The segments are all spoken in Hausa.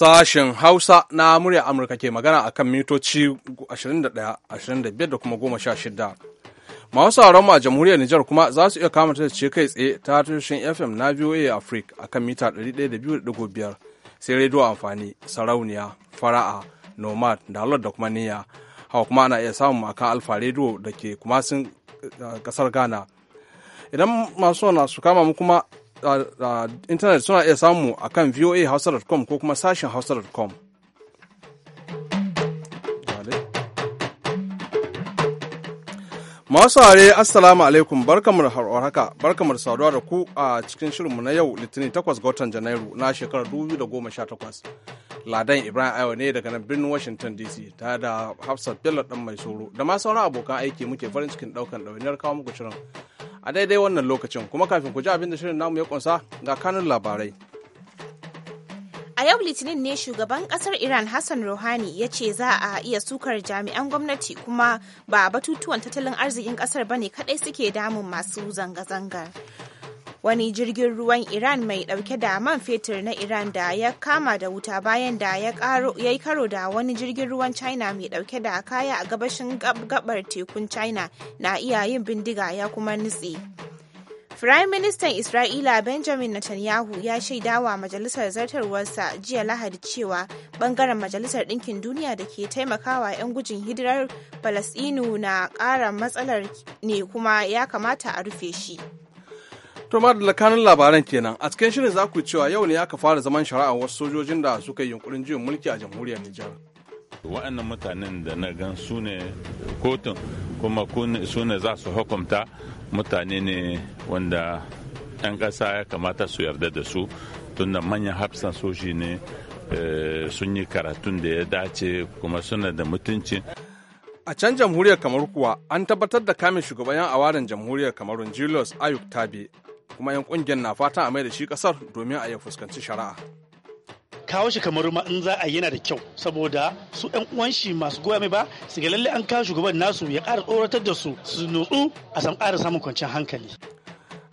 Sashen Hausa na murya Amurka ke magana a kan mitoci 21, 25 da kuma 16. Masu sauran ma jamhuriyar Nijar kuma za su iya kama ce kai tsaye ta tushen FM na VOA Africa a kan mita 102.5 sai rediyo amfani, sarauniya, fara'a, nomad, dalar da kuma niyya. Hawa kuma ana iya samun maka alfa rediyo da ke kuma sun kasar eh, Ghana. Idan masu su kama mu kuma intanet suna iya samu a kan voahausa.com ko kuma sashen hausa.com. Masu are assalamu alaikum barkamu da haka barkamu da saduwa da ku a cikin shirinmu na yau litinin 8 ga watan janairu na shekarar 2018 ladan ibrahim ayo ne daga nan birnin washington dc ta da hafsat bello dan mai soro da ma sauran abokan aiki muke farin cikin daukan ɗawainiyar kawo muku shirin a daidai wannan lokacin kuma kafin ku ji abin da shirin namu ya kunsa ga kanun labarai a yau litinin ne shugaban kasar iran hassan rouhani ya ce za a iya sukar jami'an gwamnati kuma ba batutuwan tattalin arzikin kasar ne kadai suke damun masu zanga-zangar wani jirgin ruwan iran mai dauke da man fetur na iran da ya kama da wuta bayan da ya yi karo da wani jirgin ruwan china mai dauke da kaya a gabashin gabar tekun china na iya yin bindiga ya kuma nutse Firayim Ministan Isra'ila Benjamin Netanyahu ya shaidawa majalisar zartarwarsa jiya Lahadi cewa bangaren majalisar ɗinkin duniya da ke taimakawa 'yan gujin hidirar Falasɗinu na ƙara matsalar ne kuma ya kamata a rufe shi. To ma da lakanin labaran kenan a cikin shirin za ku cewa yau ne aka fara zaman shari'a wasu sojojin da suka yi yunkurin juyin mulki a jamhuriyar Nijar. Wa'annan mutanen da na gan su ne kotun kuma su ne za su hukunta mutane ne wanda 'yan ƙasa ya kamata su yarda da su tunda manyan hafsan soji ne eh, sun yi karatun da ya dace kuma suna da mutunci. A can jamhuriyar kamar kuwa an tabbatar da kame shugaban 'yan awarin jamhuriyar kamarun Julius Ayuk Tabe kuma 'yan kungiyar na fata a mai da shi kasar domin a ya fuskanci shari'a kawo shi kamar ma in za a yana da kyau saboda su yan uwan shi masu goya mai ba su ga lalle an kawo shugaban nasu ya ƙara tsoratar da su su nutsu a san ƙara samun kwanciyar hankali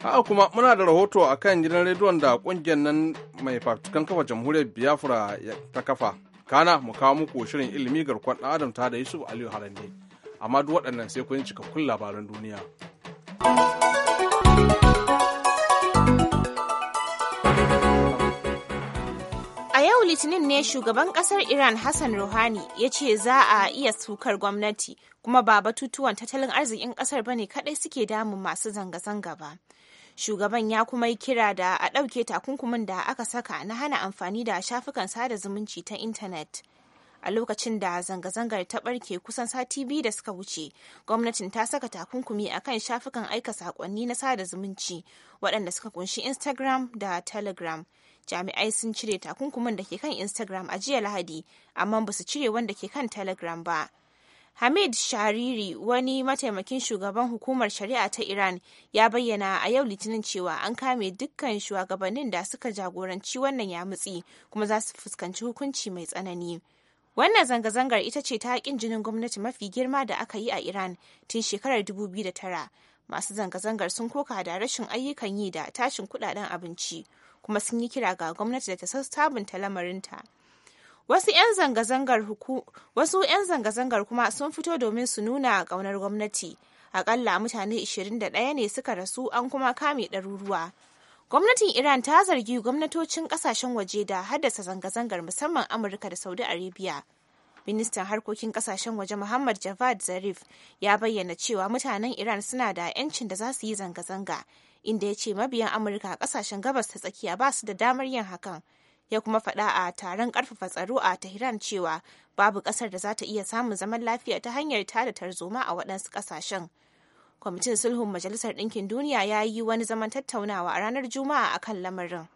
a'a kuma muna da rahoto a kan gidan rediyon da kungiyar nan mai fafutukan kafa jamhuriyar biafra ta kafa kana mu kawo muku shirin ilimi garkon ɗan adam ta da yusuf aliyu harande amma duk waɗannan sai kun cikakkun labaran duniya. Litinin ne shugaban kasar Iran Hassan Rouhani ya ce za a iya sukar gwamnati kuma ba batutuwan tattalin arzikin kasar bane kadai suke damun masu zanga-zanga ba. Shugaban ya kuma yi kira da a ɗauke takunkumin da aka saka na hana amfani da shafukan sada zumunci ta intanet. a lokacin da zanga-zangar ta barke kusan sati biyu da suka wuce gwamnatin ta saka takunkumi a kan shafukan aika saƙonni na sada zumunci waɗanda suka kunshi instagram da telegram jami'ai sun cire takunkumin da ke kan instagram a jiya lahadi amma ba su cire wanda ke kan telegram ba hamid shariri wani mataimakin shugaban hukumar shari'a ta iran ya bayyana a yau litinin cewa an kame dukkan shugabannin da suka jagoranci wannan yamutsi kuma za su fuskanci hukunci mai tsanani Wannan zanga-zangar ita ce ta haƙin jinin gwamnati mafi girma da aka yi a Iran tun shekarar 2009. Masu zanga-zangar sun koka da rashin ayyukan yi da tashin kudaden abinci. kuma sun yi kira ga gwamnati da ta sabunta lamarinta. Wasu 'yan zanga-zangar wasu 'yan zanga-zangar kuma sun fito domin su nuna ƙaunar gwamnati. Akalla mutane 21 ne suka rasu an kuma kame ɗaruruwa. Gwamnatin Iran ta zargi gwamnatocin ƙasashen waje da haddasa zanga-zangar musamman Amurka da Saudi Arabia. ministan harkokin ƙasashen waje muhammad javad zarif ya bayyana cewa mutanen iran suna da 'yancin da za su yi zanga-zanga inda ya ce mabiyan Amurka a kasashen gabas ta tsakiya ba su da damar yin hakan. Ya kuma faɗa a taron ƙarfafa tsaro a Tehran cewa babu ƙasar da za ta iya samun zaman lafiya ta hanyar tada tarzoma a waɗansu ƙasashen. Kwamitin Sulhun Majalisar Ɗinkin Duniya ya yi wani zaman tattaunawa a ranar Juma'a akan lamarin.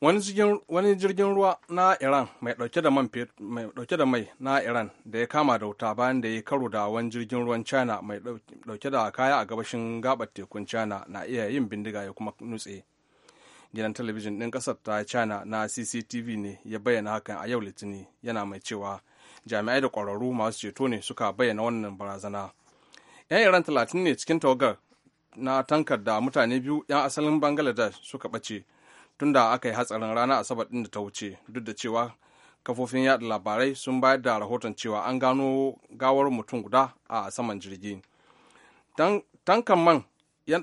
wani jirgin ruwa na iran mai dauke da mai na iran da ya kama da wuta bayan da ya karo da wani jirgin ruwan china mai dauke da kaya a gabashin gabar tekun china na iya yin bindiga ya kuma nutse gidan talabijin din kasar ta china na cctv ne ya bayyana hakan a yau litini yana mai cewa jami'ai da kwararru masu ceto ne suka bayyana wannan barazana 'yan iran talatin ne cikin tawagar na tankar da mutane biyu 'yan asalin bangladesh suka bace. tun da aka yi hatsarin rana asabar ɗin da ta wuce duk da cewa kafofin yada labarai sun bayar da rahoton cewa an gano gawar mutum guda a saman jirgi tankan man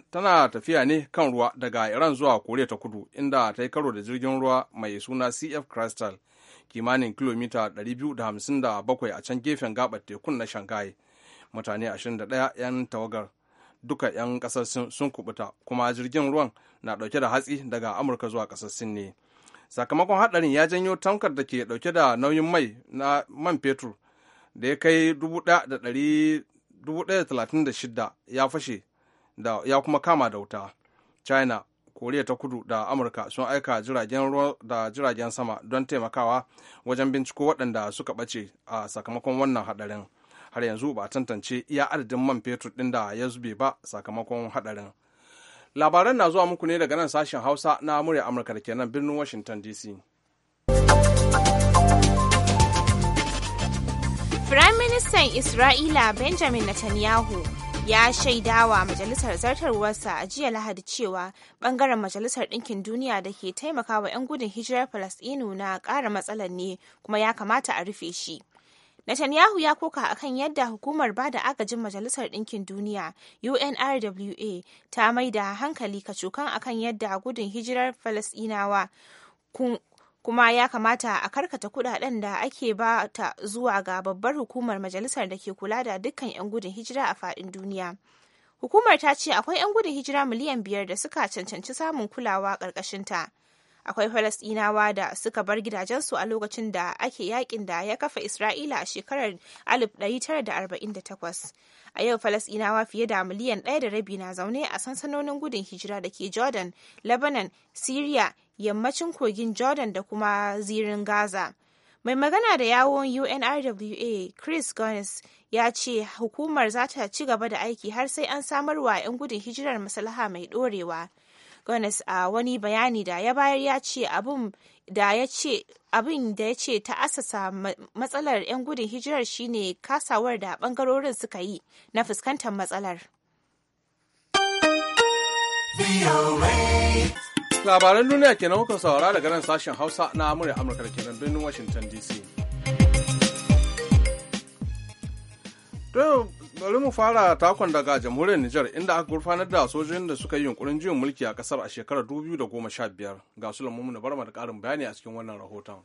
tana tafiya ne kan ruwa daga iran zuwa koriya ta kudu inda ta yi karo da jirgin ruwa mai suna cf crystal kimanin kilomita 257 a can gefen gabar tekun na shanghai mutane 21 'yan tawagar duka 'yan kasar sun kubuta kuma jirgin ruwan na dauke da hatsi daga amurka zuwa kasar sin ne sakamakon hadarin ya janyo tankar da ke dauke da nauyin mai na man fetur da ya kai 1,136 ya fashe da ya kuma kama da wuta china koriya ta kudu da amurka sun aika jiragen ruwa da jiragen sama don taimakawa wajen binciko waɗanda suka ɓace a sakamakon wannan hadarin har yanzu ba tantance iya adadin man fetur ɗin da ya zube ba sakamakon haɗarin labaran na zuwa muku ne daga nan sashen hausa na murya amurka da kenan birnin washington dc firaministan Isra'ila Benjamin Netanyahu ya shaidawa majalisar zartarwarsa a jiya lahadi cewa bangaren majalisar ɗinkin duniya da ke taimakawa 'yan gudun hijirar falasɗinu na ƙara matsalar ne kuma ya kamata a rufe shi Netanyahu ya koka akan yadda hukumar ba da agajin Majalisar Ɗinkin Duniya UNRWA ta mai da hankali ka kacokan akan yadda gudun hijirar Falasɗinawa kuma ya kamata a karkata kudaden da ake ba ta zuwa ga babbar hukumar majalisar da ke kula da dukkan 'yan gudun hijira a faɗin duniya. Hukumar ta ce akwai 'yan gudun hijira miliyan biyar da suka cancanci samun kulawa ƙarƙashinta. ta. akwai falasɗinawa da suka bar gidajensu a lokacin da ake yakin da ya kafa isra'ila a shekarar 1948 a yau falasɗinawa fiye da miliyan ɗaya da rabi na zaune a sansanonin gudun hijira da ke jordan lebanon syria yammacin kogin jordan da kuma zirin gaza mai magana da yawon unrwa chris gones ya ce hukumar za ta ci gaba da aiki har sai an samarwa 'yan gudun hijirar masalaha mai dorewa. Gunness a wani bayani da ya bayar ya ce abin da ya ce abin da ya ce ta asasa matsalar 'yan gudun hijirar shine kasawar da bangarorin suka yi na fuskantar matsalar. Labaran duniya kenan kuka saurara daga nan sashen Hausa na Amurka Amurka da kenan birnin Washington DC. bari mu fara takon daga jamhuriyar Nijar inda aka gurfanar da sojojin da suka yi yunkurin juyin mulki a kasar a shekarar 2015 ga su lamu na barma da karin bayani a cikin wannan rahoton.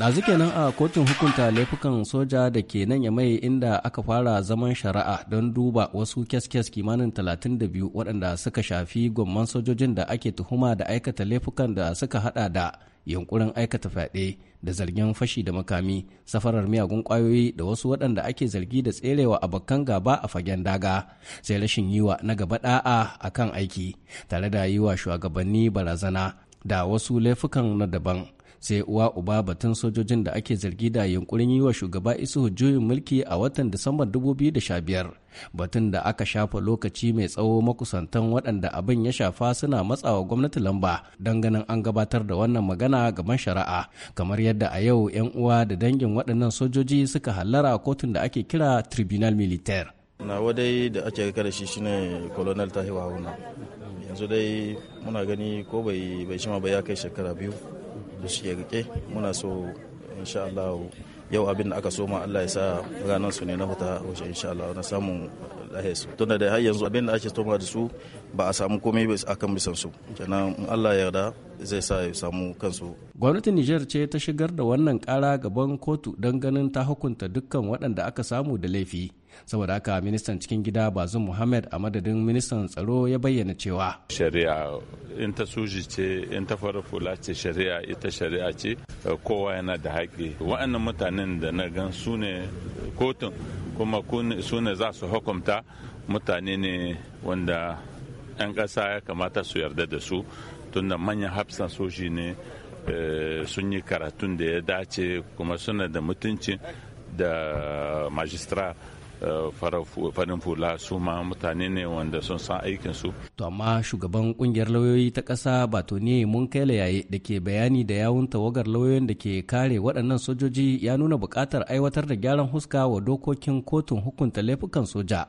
ɗazu kenan a kotun hukunta laifukan soja da ke nan ya mai inda aka fara zaman shari'a don duba wasu kyaskyas kimanin 32 waɗanda suka shafi gomman sojojin da ake tuhuma da aikata laifukan da suka hada da yunkurin aikata fyaɗe da zargin fashi da makami safarar miyagun kwayoyi da wasu waɗanda ake zargi da tserewa abokan gaba a fagen daga sai rashin yiwa na gaba ɗa'a a kan aiki tare da yiwa shugabanni barazana da wasu laifukan na daban sai uwa uba batun sojojin da ake zargi da yunkurin yi wa shugaba isuhu juyin mulki a watan disambar 2015 batun da aka shafa lokaci mai tsawo makusantan waɗanda abin ya shafa suna matsawa gwamnati lamba don ganin an gabatar da wannan magana gaban shari'a kamar yadda a yau 'yan uwa da dangin waɗannan sojoji suka hallara kotun da ake kira tribunal militaire na dai da ake kada shi shine colonel tahiwa hauna yanzu dai muna gani ko bai shima ba ya kai shekara biyu da shi rike muna so insha Allah yau abin da aka soma Allah ya sa ranar su ne na huta wace insha Allah na samu lahiyar su tunda da har yanzu abin da ake soma da su ba a samu komai ba kan bisan su kenan Allah ya yarda zai sa ya samu kansu gwamnatin Niger ce ta shigar da wannan kara gaban kotu don ganin ta hukunta dukkan waɗanda aka samu da laifi saboda haka ministan cikin gida bazum muhammad a madadin ministan tsaro ya bayyana cewa shari'a in ta suji ce in ta fara fula ce shari'a ita shari'a ce kowa yana da haƙi wa'annan mutanen da na gan su ne kotun kuma su ne za su hukumta mutane ne wanda 'yan ƙasa ya kamata su yarda da su tunda manyan hafsan soji ne eh, sun yi karatun da ya dace kuma suna da mutunci da majistra farin fula su ma mutane ne wanda sun san aikin su. To amma shugaban kungiyar lauyoyi ta ƙasa ne mun kai yaye da ke bayani da yawun tawagar lauyoyin da ke kare waɗannan sojoji ya nuna buƙatar aiwatar da gyaran huska wa dokokin kotun hukunta laifukan soja.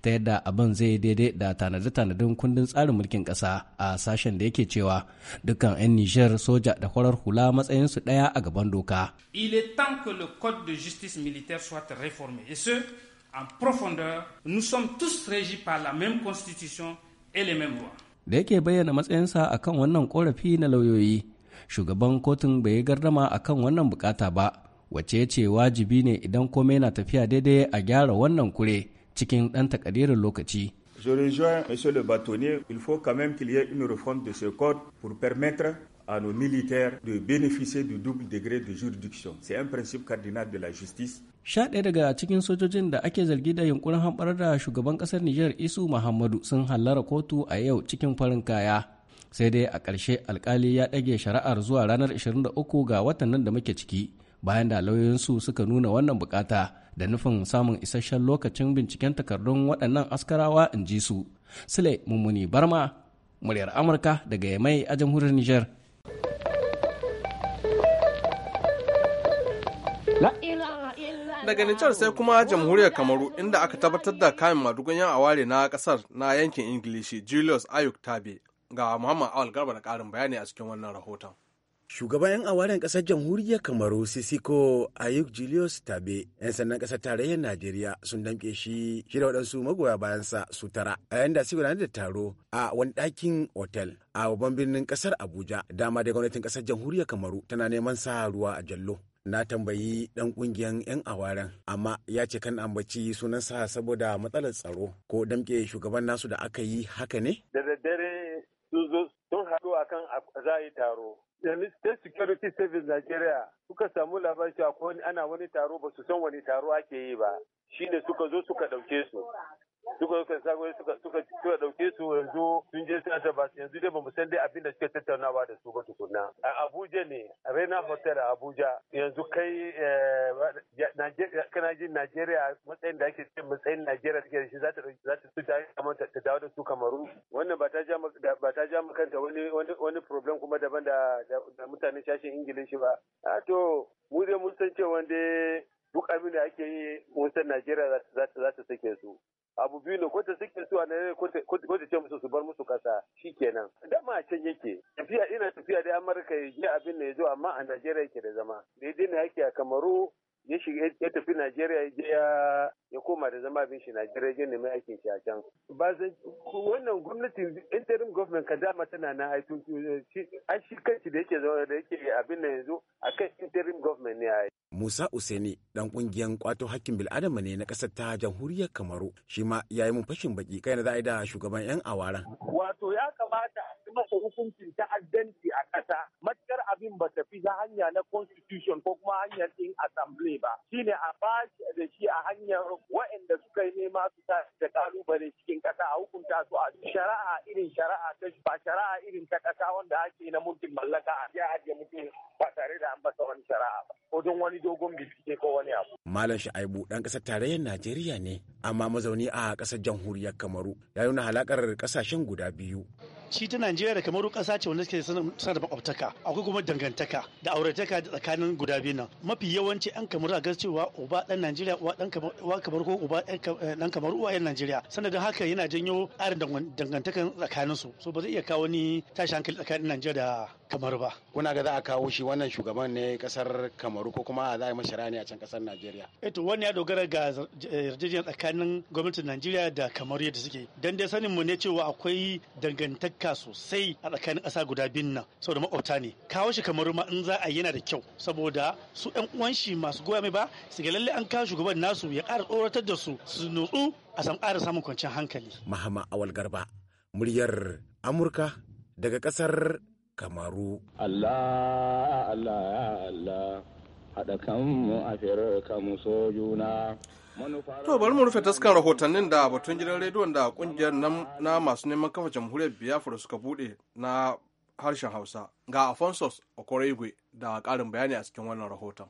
ta yadda abin zai daidai da tanade-tanadin kundin tsarin mulkin ƙasa a sashen da yake cewa dukkan 'yan nijar soja da kwarar hula matsayinsu ɗaya a gaban doka. Il est temps que le code de justice militaire soit réformé et ce en profondeur, nous sommes tous régis par la même constitution et les mêmes lois. Da yake bayyana matsayinsa a kan wannan korafi na lauyoyi, shugaban kotun bai yi gardama a kan wannan bukata ba, wace ce wajibi ne idan komai na tafiya daidai a gyara wannan kure cikin ɗan takadirin lokaci. Je rejoins Monsieur le bâtonnier, il faut quand même qu'il y ait une réforme de ce code pour permettre à nos militaires de bénéficier du double degré de juridiction. C'est un principe cardinal de la justice. Sha ɗaya daga cikin sojojin da ake zargi da yunkurin hamɓar da shugaban ƙasar Nijar Isu Muhammadu sun hallara kotu a yau cikin farin kaya. Sai dai a ƙarshe alkali ya ɗage shari'ar zuwa ranar 23 ga watan nan da muke ciki bayan da lauyoyinsu suka nuna wannan bukata da nufin samun isasshen lokacin binciken takardun waɗannan askarawa in ji su. Sule Mummuni Barma, muryar Amurka daga Yamai a jamhuriyar Nijar. Daga Nijar sai kuma jamhuriyar Kamaru inda aka tabbatar da kayan madugun yan aware na kasar na yankin Ingilishi Julius Ayuk Tabe ga Muhammad Awal Garba da karin bayani a cikin wannan rahoton. Shugaban 'yan awaren kasar jamhuriyar Kamaru Sisiko Ayuk Julius Tabe, 'yan sannan kasar tarayyar Najeriya sun damƙe shi shida da waɗansu magoya bayansa su tara a yayin da su gudanar da taro a wani ɗakin otel a babban birnin kasar Abuja. Dama da gwamnatin ƙasar jamhuriyar Kamaru tana neman sa ruwa a jallo. na tambayi dan kungiyan yan awaren amma ya ce kan ambaci sunansa saboda matsalar tsaro ko damke shugaban nasu da aka yi haka ne da daddare sun haɗu akan za a yi taro yanzu state security service nigeria suka samu labarci cewa ana wani taro ba su san wani taro ake yi ba Shi da suka zo suka ɗauke su suka yi sagoyi suka dauke su yanzu sun je suna ba yanzu dai bamu san dai abin da suka tattaunawa da su ba tukunna a Abuja ne Rena Hotel a Abuja yanzu kai eh, kana jin Najeriya matsayin da ake ce matsayin Najeriya take da shi za ta za ta tuta kamar ta dawo da su Kamaru wannan ba ta ja ba ta ja kanta wani wani problem kuma daban da da mutanen shashin Ingilishi ba a to mu dai mun san cewa dai duk abin da ake yi mun san Najeriya za ta sake su abu biyu ne kwata suke suwa na ne kwata ce musu su bar musu kasa kenan dama can yake tafiya ina tafiya da amurka ya je abin da ya zo amma a najeriya yake da zama daidai ne yake a kamaru ya shiga ya tafi Najeriya ya ya koma da zama bin shi Najeriya ya nemi aikin shi a can. Ba wannan gwamnatin interim government ka dama tana na aitun an shi kanci da yake zama da yake abin da yanzu akan interim government ne a Musa Useni dan kungiyar kwato hakkin bil'adama ne na kasar ta jamhuriyar Kamaru shi ma ya yi mun fashin baki kai na za a yi da shugaban 'yan awaran Wato ya kamata a masa hukuncin ta'addanci a bi hanya na constitution ko kuma hanyar din assembly ba shine a ba da shi a hanyar waɗanda suka yi nema su ta da kalubale cikin kasa a hukunta su a shari'a irin shari'a ta ba shari'a irin ta kasa wanda ake na mulkin mallaka a ya ajiye mutum ba tare da an basa wani shari'a ba ko don wani dogon bincike ko wani abu Malam Sha'aibu ɗan ƙasar tarayyar Najeriya ne, amma mazauni a ƙasar jamhuriyar Kamaru ya nuna halakar ƙasashen guda biyu. Shi ta Najeriya da Kamaru ƙasa ce wanda suke suna da makwabtaka, akwai kuma dangantaka da aurataka da tsakanin guda biyu nan. Mafi yawanci an Kamaru a ga cewa uba ɗan Najeriya uwa ɗan Kamaru ko uba ɗan eh, Kamaru uwa ɗan Najeriya. Sanadin haka yana janyo ƙarin dangantakan su, So ba zai iya kawo ni tashi hankali tsakanin Najeriya da kamaru ba kuna ga za a kawo shi wannan shugaban ne kasar kamaru ko kuma za a yi mashara ne a can kasar najeriya eto eh wannan ya dogara ga yarjejeniya tsakanin gwamnatin najeriya da kamaru yadda suke dan dai sanin mu ne cewa akwai dangantaka sosai a tsakanin ƙasa guda biyun nan saboda makwabta ne kawo shi kamaru ma in za a yana da kyau saboda su ƴan uwan shi masu goya mai ba su ga lalle an kawo shugaban nasu ya ƙara tsoratar da su su nutsu a san ƙara samun kwanciyar hankali. Mahama Awal Garba, muryar Amurka daga ƙasar kamaru allah allah allah haɗa kanmu a kanmu so juna To bari mu rufe taskar rahotannin da batun gidan rediyon da kungiyar na masu neman kafa jamhuriyar Biafra suka bude na harshen Hausa ga Afonso Okoregwe da ƙarin bayani a cikin wannan rahoton.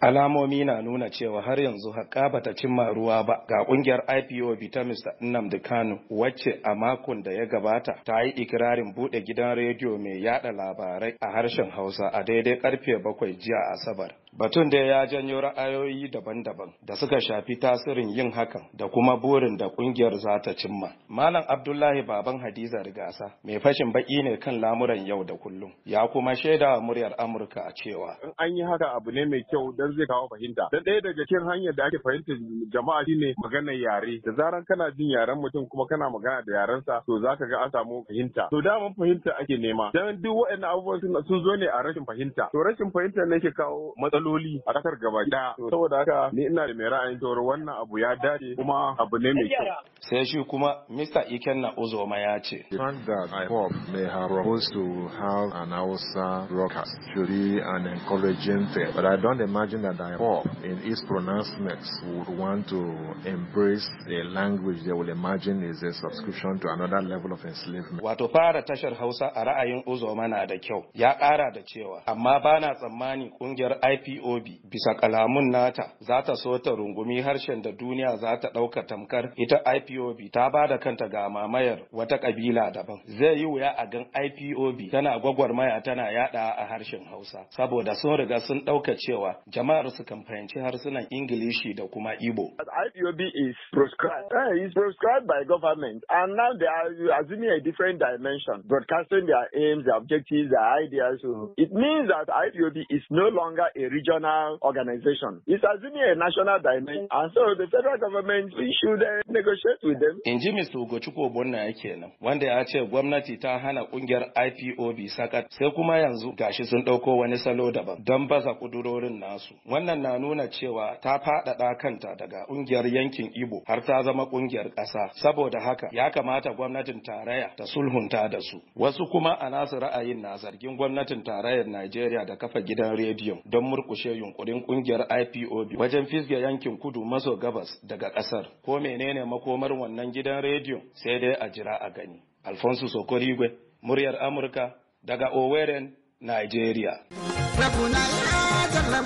alamomi na nuna cewa har yanzu haƙa ba ta cimma ruwa ba ga ƙungiyar ipo ta Mr. Nnamdi Kanu wacce a makon da ya gabata ta yi ikirarin buɗe gidan rediyo mai yada labarai a harshen Hausa a daidai karfe bakwai jiya Asabar. Batun da ya janyo ra'ayoyi daban-daban da suka shafi tasirin yin hakan da kuma burin da kungiyar za ta cimma. Malam Abdullahi Baban Hadiza Rigasa mai fashin baki ne kan lamuran yau da kullum. Ya kuma shaida muryar Amurka a cewa. In an yi haka abu ne mai kyau don zai kawo fahimta. Da ɗaya daga cikin hanyar da ake fahimta jama'a shine maganar yare. Da zarar kana jin yaren mutum kuma kana magana da yarensa to za ka ga an samu fahimta. To daman fahimta ake nema. Dan duk waɗannan abubuwan sun zo ne a rashin fahimta. To rashin fahimta ne ke kawo matsaloli. matsaloli a kasar gaba daya saboda haka ni ina da mai ra'ayin cewar wannan abu ya dace kuma abu ne mai kyau sai shi kuma Mr. Ikenna ozoma ya ce that pop may have proposed to have an Hausa broadcast to be an encouraging thing but I don't imagine that pop in his pronouncements would want to embrace a language they will imagine is a subscription to another level of enslavement wato fara tashar Hausa a ra'ayin ozoma na da kyau ya kara da cewa amma bana tsammani kungiyar IP bob bisa kalamun nata za ta so ta rungumi harshen da duniya za ta ɗauka tamkar ita ipob ta ba da kanta ga mamayar wata kabila daban zai yi wuya a gan ipob tana gwagwarmaya tana yada a harshen hausa saboda sun riga sun ɗauka cewa jama'ar su kan fahimci harsunan ingilishi da kuma ibo ipob is proscribed uh, eh, is proscribed by government and now they are assuming a different dimension broadcasting their aims their objectives their ideas so it means that ipob is no longer a region regional organization. has been a national dimension, and so the federal government we should uh, negotiate with them. In ji Mr. Ugochukwu Obonna kenan, wanda ya ce gwamnati ta hana kungiyar IPOB sakat sai kuma yanzu gashi sun ɗauko wani salo daban don baza ƙudurorin nasu. Wannan na nuna cewa ta faɗaɗa kanta daga ƙungiyar yankin Igbo har ta zama ƙungiyar ƙasa. Saboda haka ya kamata gwamnatin tarayya ta sulhunta da su. Wasu kuma a nasu ra'ayin na zargin gwamnatin tarayyar Najeriya da kafa gidan rediyo don mur murkushe yunkurin kungiyar IPOB wajen fisge yankin kudu maso gabas daga kasar. Ko menene makomar wannan gidan rediyo sai dai a jira a gani. Alfonso Sokorigwe, muryar Amurka daga Oweren, Nigeria. ya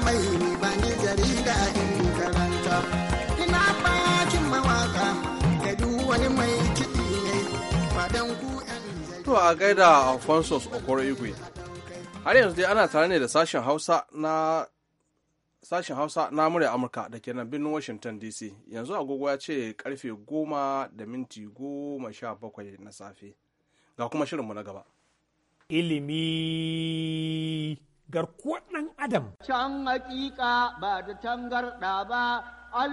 mai To a gaida Alfonso Okoro har yanzu dai ana tare ne da sashen hausa na sashen hausa na murya amurka da ke nan birnin washington dc yanzu agogo ya ce karfe goma da minti goma sha bakwai na safe ga kuma shirinmu na gaba ilimi garkuwar ɗan adam can hakika ba da tangarɗa ba an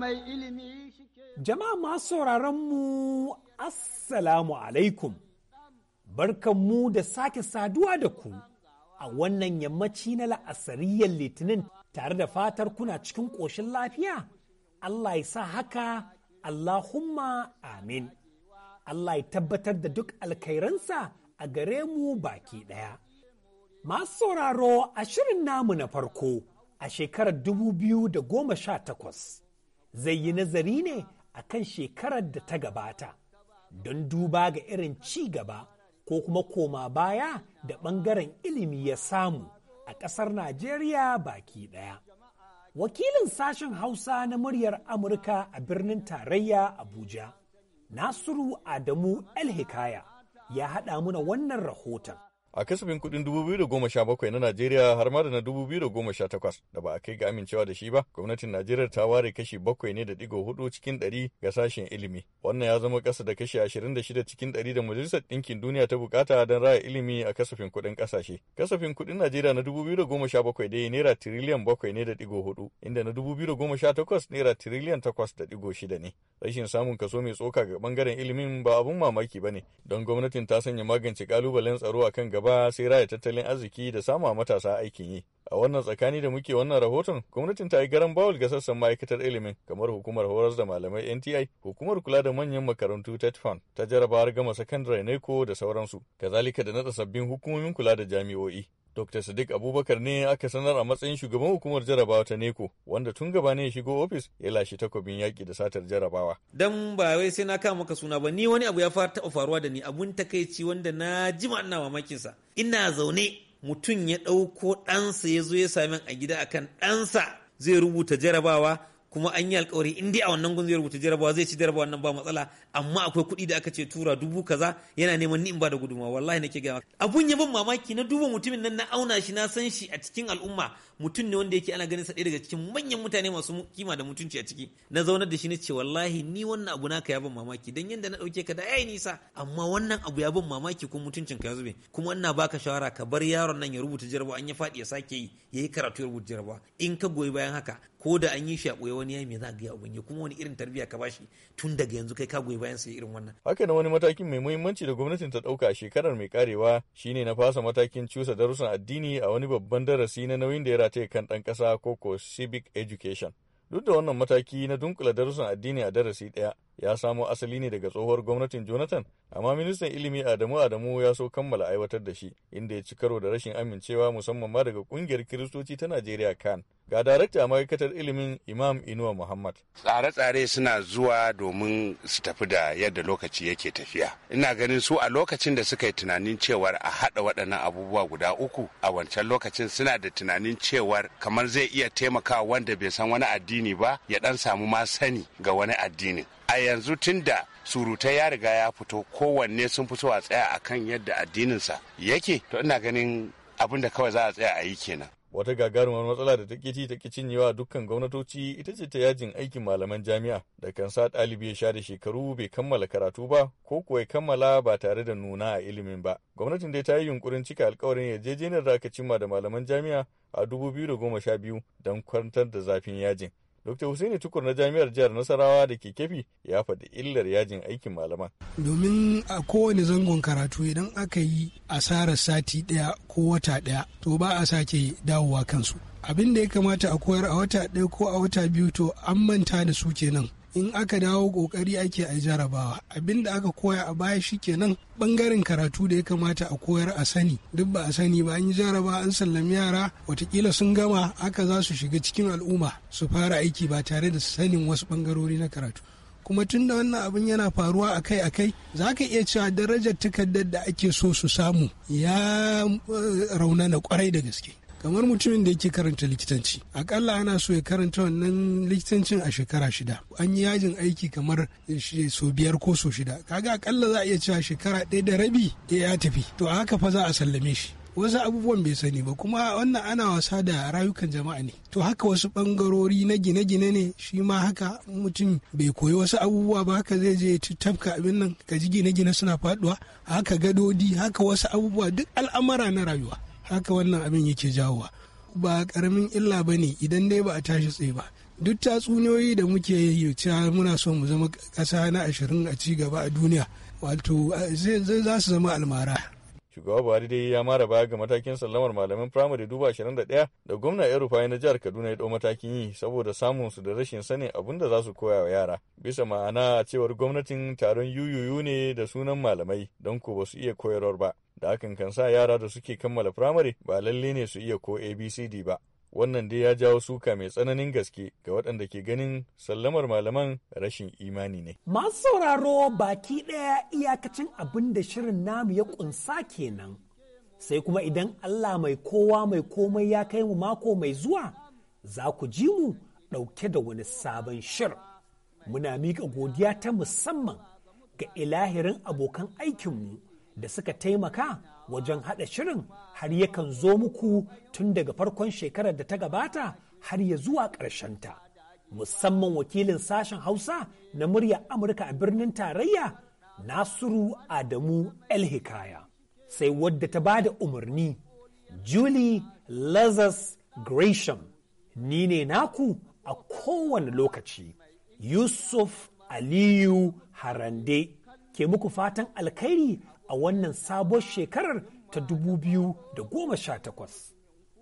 mai ilimi shike jama'a masu sauraron mu assalamu alaikum barkan mu da sake saduwa da ku a wannan yammaci na la'asariyar litinin tare da fatar kuna cikin ƙoshin lafiya? Allah ya sa haka Allahumma amin. Allah ya tabbatar da duk alkairansa a gare mu baki ɗaya. Masu sauraro a shirin namu na farko a shekarar dubu biyu da goma sha takwas zai yi nazari ne a kan shekarar da ta gabata don duba ga irin ci gaba. ko kuma koma baya da ɓangaren ilimi ya samu a ƙasar Najeriya baki ɗaya. Wakilin sashen Hausa na muryar Amurka a birnin tarayya Abuja, Nasiru Adamu El Hikaya ya haɗa muna wannan rahoton. a kasafin kudin 2017 na Najeriya har ma da na 2018 da ba a kai ga amincewa da shi ba gwamnatin Najeriya ta ware kashi bakwai ne da digo hudu cikin ɗari ga sashen ilimi wannan ya zama kasa da kashi 26 cikin ɗari da majalisar ɗinkin duniya ta bukata don raya ilimi a kasafin kudin kasashe kasafin kudin Najeriya na 2017 dai naira tiriliyan bakwai ne da digo hudu inda na 2018 naira tiriliyan takwas da digo shida ne rashin samun kaso mai tsoka ga bangaren ilimin ba abun mamaki ba ne don gwamnatin ta sanya magance kalubalen tsaro kan gaba sai raya tattalin arziki da sama matasa aikin yi. a wannan tsakani da muke wannan rahoton gwamnatin ta yi garan bawul ga sassan ma'aikatar ilimin kamar hukumar horas da malamai nti hukumar kula da manyan makarantu tetfan ta jarabawar gama sakandare neko da sauransu kazalika da nada sabbin hukumomin kula da jami'o'i Dr. Sadiq Abubakar ne aka sanar a matsayin shugaban hukumar jarabawa ta Neko, wanda tun gaba ne ya shigo ofis ya lashe takobin yaƙi da satar jarabawa. Dan ba wai sai na kama maka suna ba, ni wani abu ya fara taɓa faruwa da ni abun takaici wanda na jima ina mamakin sa. Ina zaune mutum ya ɗauko ɗansa ya zo ya sami a gida akan ɗansa zai rubuta jarabawa kuma an yi alkawari in dai a wannan gun zai rubuta jarabawa zai ci jarabawa wannan ba matsala amma akwai kuɗi da aka ce tura dubu kaza yana neman ni in ba da guduma wallahi nake ga abun ya ban mamaki na duba mutumin nan na auna shi na san shi a cikin al'umma mutum ne wanda yake ana ganin sa ɗaya daga cikin manyan mutane masu kima da mutunci a ciki na zaunar da shi na ce wallahi ni wannan abu naka ya ban mamaki dan yanda na ɗauke ka da yayi nisa amma wannan abu ya ban mamaki ko mutuncin ka ya zube kuma ina baka shawara ka bar yaron nan ya rubuta jarabawa an ya faɗi ya sake yi yayi karatu ya rubuta jarabawa in ka goyi bayan haka ko da an yi shi a ɓoye wani ya me za a gaya ubangi kuma wani irin tarbiyya ka bashi tun daga yanzu kai ka goyi bayan sai irin wannan haka na wani matakin mai muhimmanci da gwamnatin ta ɗauka a shekarar mai karewa shine na fasa matakin cusa darussan addini a wani babban darasi na nauyin da ya rataye kan ɗan ƙasa ko ko civic education duk da wannan mataki na dunkula darussan addini a darasi ɗaya ya samo asali ne daga tsohuwar gwamnatin jonathan amma ministan ilimi adamu adamu ya so kammala aiwatar da shi inda ya ci karo da rashin amincewa musamman ma daga kungiyar kiristoci ta najeriya kan Ga darakta ma'aikatar ilimin Imam Inuwa Muhammad. Tsare-tsare suna zuwa domin su tafi da yadda lokaci yake tafiya. Ina ganin su a lokacin da suka yi tunanin cewar a haɗa waɗannan abubuwa guda uku a wancan lokacin suna da tunanin cewar kamar zai iya taimakawa wanda bai san wani addini ba ya ɗan samu ma sani ga wani addinin. a yanzu tun da surutai ya riga ya fito kowanne sun fito a tsaya akan yadda addininsa yake to ina ganin abin da kawai za a tsaya a yi kenan Wata gagarumar matsala da ta take ci take cinyewa dukkan gwamnatoci ita ce ta yajin aikin malaman jami'a da kan sa ɗalibi ya da shekaru bai kammala karatu ba ko kuwa kammala ba tare da nuna a ilimin ba. Gwamnatin dai ta yi yunkurin cika alkawarin yarjejeniyar da aka cimma da malaman jami'a a 2012 don kwantar da zafin yajin. Dr. Husaini Tukur na Jami'ar Jihar Nasarawa da ke kefi ya faɗi illar yajin aikin malaman. Domin a kowane zangon karatu idan aka yi asarar sati ɗaya ko wata ɗaya to ba a sake dawowa kansu. Abin da ya kamata a koyar a wata ɗaya ko a wata biyu to an manta da su kenan in aka dawo kokari ake a jarabawa abin da aka koya a baya shi shikenan bangaren karatu da ya kamata a koyar a sani duk ba a sani ba an yi jaraba an sallami yara watakila sun gama haka za su shiga cikin al'umma su fara aiki ba tare da sanin wasu bangarori na karatu kuma tun da wannan abin yana faruwa akai akai za ka iya cewa darajar takardar da ake so su samu ya eh, raunana kwarai da gaske kamar mutumin da yake karanta likitanci akalla ana so ya karanta wannan likitancin a shekara shida an yi yajin aiki kamar so biyar ko so shida kaga akalla za a iya cewa shekara ɗaya da rabi eh, ya tafi to haka fa za a sallame shi wasu abubuwan bai sani ba kuma wannan ana wasa da rayukan jama'a ne to haka wasu bangarori na gine-gine ne shi ma haka mutum bai koyi wasu abubuwa ba haka zai je tafka abin nan ka ji gine-gine suna faduwa haka gadodi haka wasu abubuwa duk al'amara na rayuwa haka wannan abin yake jawowa ba karamin illa ba ne idan dai ba a tashi tsaye ba duk tatsuniyoyi da muke yi muna so mu zama kasa na ashirin a ci gaba a duniya wato zai za su zama almara shugaba buhari dai ya mara baya ga matakin sallamar malamin firamare duba ashirin da ɗaya da gwamna ya rufa na jihar kaduna ya ɗau matakin yi saboda samun su da rashin sanin abin da za su koya wa yara bisa ma'ana cewar gwamnatin taron yuyuyu ne da sunan malamai don ko ba su iya koyarwar ba da hakan kan sa yara da suke kammala firamare ba lalle ne su iya ko abcd ba wannan dai ya jawo suka mai tsananin gaske ga waɗanda ke ganin sallamar malaman rashin imani ne. Masu sauraro baki ɗaya iyakacin abin da shirin namu ya ƙunsa kenan. Sai kuma idan Allah mai kowa mai komai ya kai mu mako mai zuwa, za ku ji mu ɗauke da wani sabon shir. Muna miƙa godiya ta musamman ga ilahirin abokan aikinmu da suka taimaka wajen haɗa shirin har yakan zo muku tun daga farkon shekarar da ta gabata har ya zuwa ta. Musamman wakilin sashen Hausa na murya Amurka a birnin tarayya Nasiru Adamu El-Hikaya. Sai wadda ta ba da umarni, Julie Lazarus Gresham, ni ne naku a kowane lokaci, Yusuf Aliyu Harande. ke muku fatan alkhairi a wannan sabon shekarar ta 2018.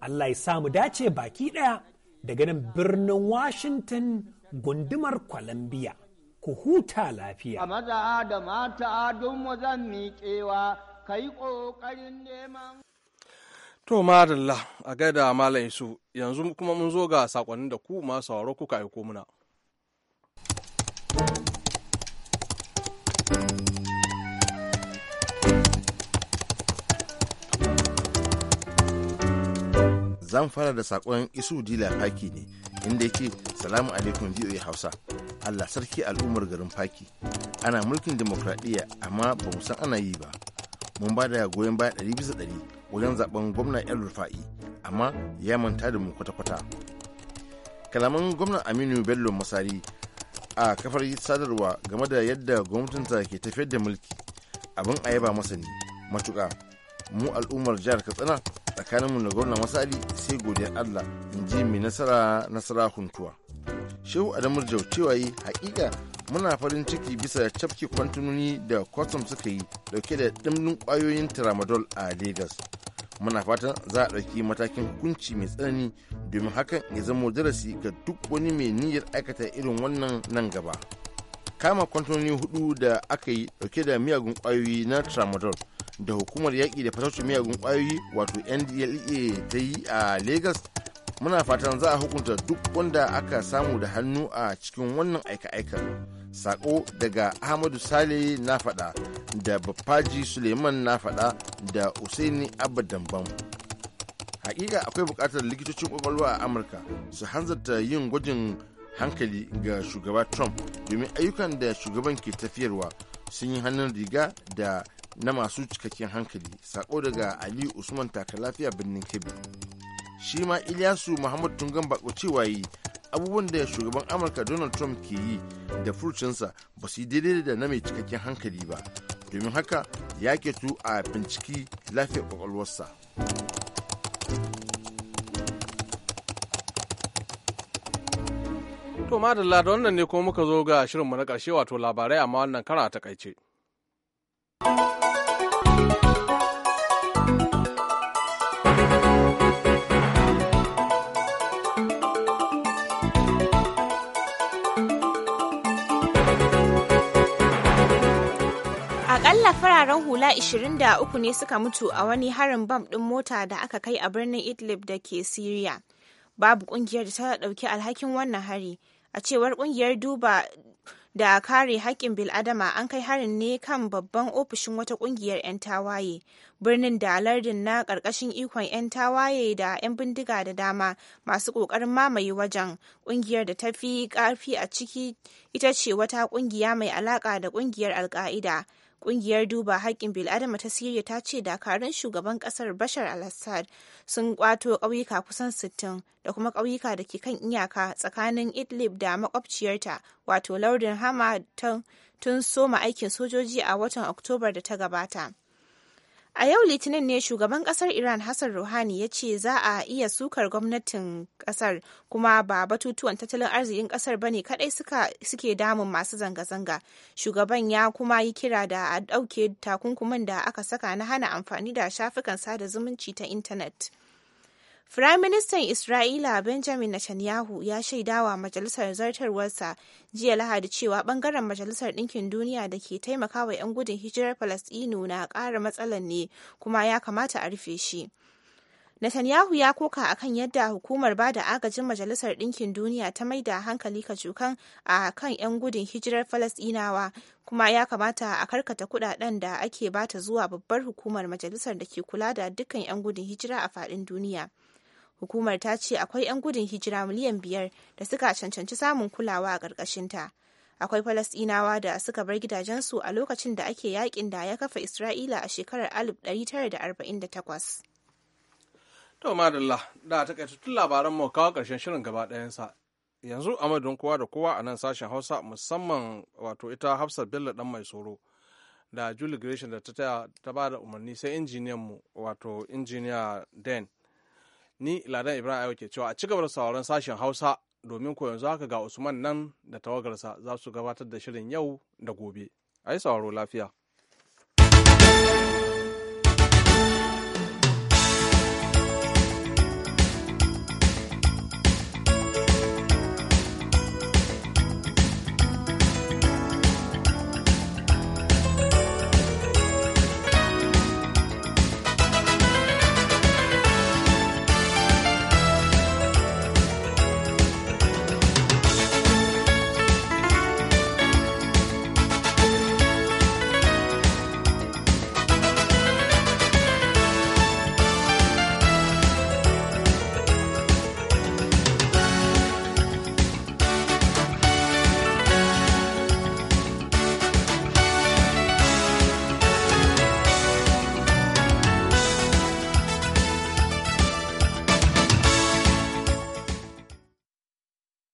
Allah ya samu dace baki ɗaya daga nan birnin Washington gundumar Columbia. Ku huta lafiya. A maza da mata don zan miƙewa, ka yi ƙoƙarin neman. To madalla a gaida Malam su yanzu kuma mun zo ga saƙonin da ku masu sauraro kuka aiko muna. zan fara da sakon isu dila faki ne inda yake salamu alaikum voa hausa allah sarki al'ummar garin faki ana mulkin demokradiyya amma ba mu san ana yi ba mun ba da goyon baya ɗari bisa ɗari wajen zaben gwamna yan rufa'i amma ya manta da mu kwata-kwata kalaman gwamnan aminu bello masari a kafar sadarwa game da yadda gwamnatinsa ke tafiyar da mulki abin a yaba masani matuka. matuƙa mu al'ummar jihar katsina tsakaninmu na gwamna masali sai godiyar allah in ji mai nasara nasara huntuwa shehu adamu jau cewa yi hakika muna farin ciki bisa cafke kwantunoni da kwastam suka yi dauke da dimbin kwayoyin tramadol a lagos muna fatan za a ɗauki matakin hukunci mai tsanani domin hakan ya zama darasi ga duk wani mai niyyar aikata irin wannan nan gaba kama kwantunoni hudu da aka yi dauke da miyagun kwayoyi na tramadol da hukumar yaƙi da fataucin miyagun ƙwayoyi wato ndla e ta yi a lagos muna fatan za a hukunta duk wanda aka samu da hannu a cikin wannan aika-aikar sako daga ahmadu sale na faɗa da bafaji suleiman na faɗa da usaini abba dambam hakika akwai buƙatar likitocin kwakwalwa a amurka su hanzarta yin gwajin hankali ga shugaba trump domin ayyukan da shugaban ke tafiyarwa sun yi hannun riga da na masu cikakken hankali sako daga ali usman taka lafiya birnin kebbi shi ma ilyasu muhammad tungan bako cewa yi abubuwan da shugaban amurka donald trump ke yi da furcinsa ba su yi daidai da na mai cikakken hankali ba domin haka ya ketu a binciki lafiyar kwakwalwarsa to madalla da wannan ne kuma muka zo ga shirinmu na ƙarshe wato labarai amma wannan kara a takaice yaran hula 23 ne suka mutu a wani harin bam ɗin mota da aka kai a birnin Idlib da ke syria Babu ƙungiyar da ta ɗauki alhakin wannan hari. A cewar ƙungiyar duba da kare haƙƙin bil'adama an kai harin ne kan babban ofishin wata ƙungiyar 'yan tawaye. Birnin da lardin na ƙarƙashin ikon 'yan tawaye da 'yan bindiga da dama masu ƙoƙarin mamaye wajen ƙungiyar da ta fi ƙarfi a ciki ita ce wata ƙungiya mai alaƙa da ƙungiyar alƙa'ida. Ƙungiyar duba haƙƙin bil'adama ta Siriya ta ce dakarun shugaban ƙasar Bashar al-Assad sun ƙwato ƙauyuka kusan 60 da kuma ƙauyuka da ke kan iyaka tsakanin Idlib da makwabciyarta wato lardin Hama tun soma aikin sojoji a watan Oktobar da ta gabata. A yau Litinin ne shugaban kasar Iran Hassan Rouhani ya ce za a iya sukar gwamnatin kasar kuma ba batutuwan tattalin arzikin kasar bane kadai suke damun masu zanga-zanga. Shugaban ya kuma yi kira da a ɗauke takunkumin da aka saka na hana amfani da shafukan sada zumunci ta intanet. Firaministan Isra'ila Benjamin Netanyahu ya shaidawa majalisar zartarwarsa jiya Lahadi cewa bangaren majalisar ɗinkin duniya da ke taimakawa 'yan gudun hijirar Falasɗinu na ƙara matsalar ne kuma ya kamata a rufe shi. Netanyahu ya koka akan yadda hukumar ba da agajin Majalisar Ɗinkin Duniya ta mai da hankali ka cukan a kan 'yan gudun hijirar Falasɗinawa kuma ya kamata a karkata kudaden da ake bata zuwa babbar hukumar majalisar da ke kula da dukkan 'yan gudun hijira a faɗin duniya. Hukumar ta ce akwai 'yan gudun hijira miliyan biyar da suka cancanci samun kulawa a ƙarƙashinta. Akwai Falasɗinawa da suka bar gidajensu a lokacin da ake yakin da ya kafa Isra'ila a shekarar 1948. To madalla da ta takaitattun labaran mu kawo ƙarshen shirin gaba ɗayansa. Yanzu a madadin kowa da kowa a nan sashen Hausa musamman wato ita Hafsat Bello dan mai tsoro da Julie Gresham da ta ta ba da umarni sai injiniyan mu wato injiniya Dan ni ladan ibrahim ke cewa a ci gaba da sauran sashen hausa domin ko yanzu haka ga usman nan da tawagarsa za su gabatar da shirin yau da gobe a yi sauraro lafiya